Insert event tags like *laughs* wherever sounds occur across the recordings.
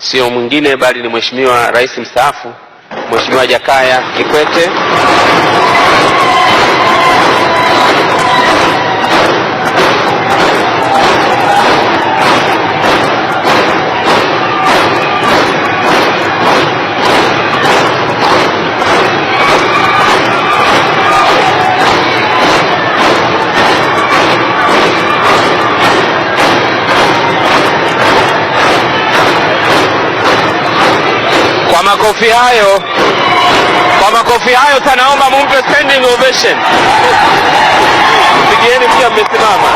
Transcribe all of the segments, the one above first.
sio mwingine bali ni Mheshimiwa Rais mstaafu Mheshimiwa Jakaya Kikwete. Kwa makofi hayo, kwa makofi hayo tanaomba mumpe standing ovation. Pigieni pia mmesimama.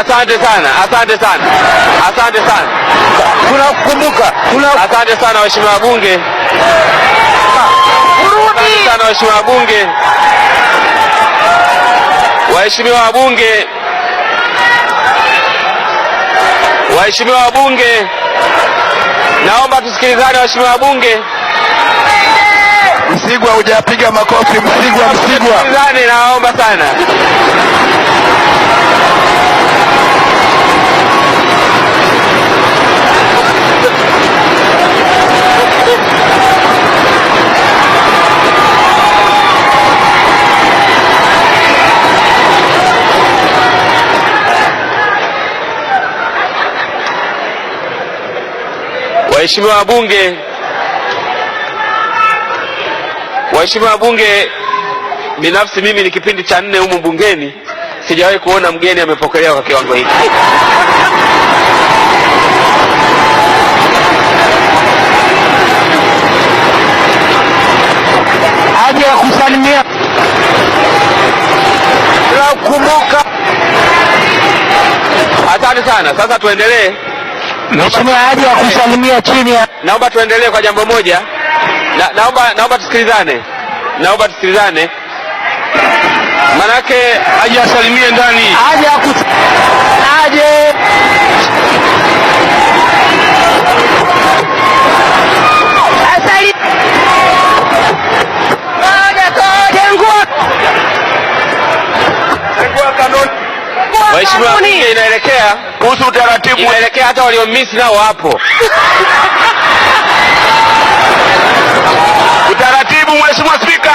Asante sana, asante sana, asante sana. Tunakukumbuka. tuna... Asante sana waheshimiwa wabunge waheshimiwa wabunge, waheshimiwa wabunge, waheshimiwa wabunge, naomba tusikilizane waheshimiwa wabunge. Msigwa, hujapiga makofi. Msigwa. Waheshimiwa wabunge, waheshimiwa wabunge, binafsi mimi ni kipindi cha nne humu bungeni, sijawahi kuona mgeni amepokelewa kwa kiwango hiki. Haja ya kusalimia la kukumbuka. Asante sana. Sasa tuendelee. Mheshimiwa aje wa kusalimia chini ya... Naomba tuendelee kwa jambo moja na, naomba, naomba tusikilizane, naomba tusikilizane manake aje asalimie ndani aje akus... aje Mheshimiwa bunge inaelekea kuhusu utaratibu, inaelekea hata walio miss nao hapo *laughs* utaratibu. Mheshimiwa Spika,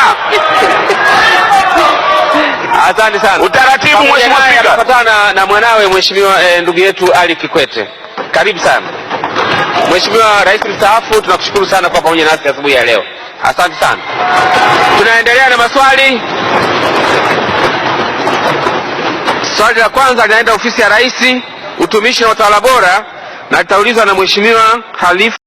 asante sana. Utaratibu Mheshimiwa Spika, napatana na mwanawe Mheshimiwa eh, ndugu yetu Ali Kikwete, karibu sana Mheshimiwa Rais mstaafu, tunakushukuru sana kwa pamoja nasi asubuhi ya leo. Asante sana. Tunaendelea na maswali. Swali la kwanza linaenda ofisi ya Rais, utumishi na utawala bora, na litaulizwa na Mheshimiwa Khalifa